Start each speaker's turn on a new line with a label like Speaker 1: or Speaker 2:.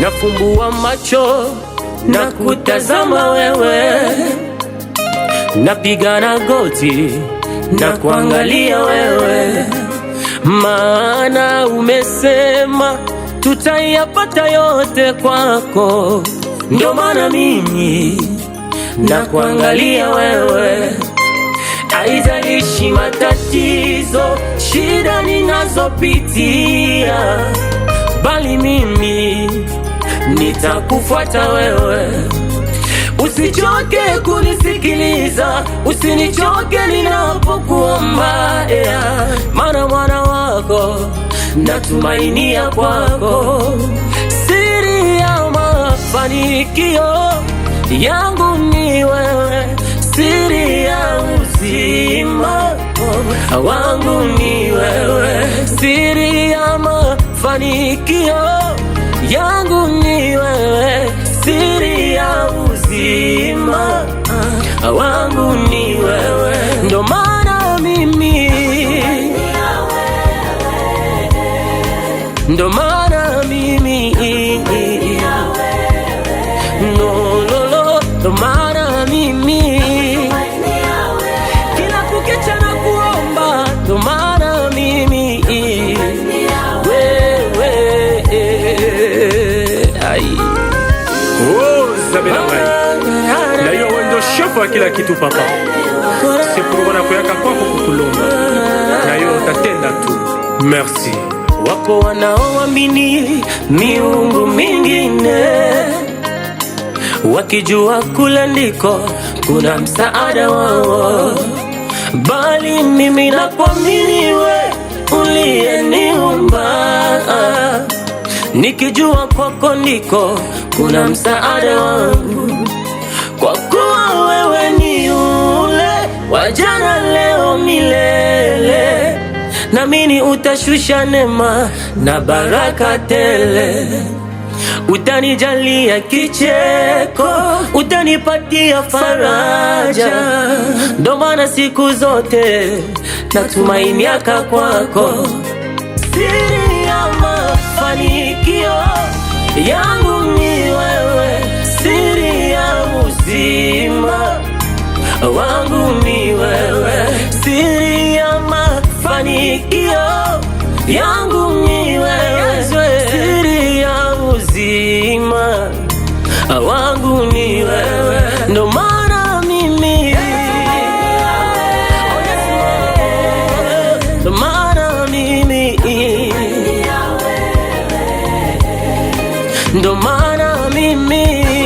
Speaker 1: nafumbua macho na kutazama wewe, napigana goti na kuangalia wewe, maana umesema tutayapata yote kwako, ndio maana mimi na kuangalia wewe, aizalishi matatizo shida ninazopitia, bali mimi nitakufuata wewe, usichoke kunisikiliza, usinichoke ninapokuomba, yeah. mwana wako natumainia kwako, siri ya mafanikio yangu ni wewe, siri ya uzima wangu ni wewe, siri ya mafanikio yangu ni wewe, siri ya uzima ah, wangu ni wewe, ndo maana mimi, ndo maana mimi, ndo maana
Speaker 2: wa kila kitu Papa, sikuona kuyaka kwako kukulomba na yo utatenda tu. Merci.
Speaker 1: Wapo wanaoamini miungu mingine wakijua kula ndiko kuna msaada wao, bali mimi nakuamini we uliyeniumba, nikijua kwako ndiko kuna msaada wangu wajana leo milele, namini utashusha neema na baraka tele, utanijalia kicheko, utanipatia faraja, ndo maana siku zote natumainika kwako, siri ya mafanikio ya wangu ni wewe, siri ya mafanikio yangu ni wewe, siri ya uzima wangu ni wewe, ndo maana mimi ndo maana mimi ndo maana mimi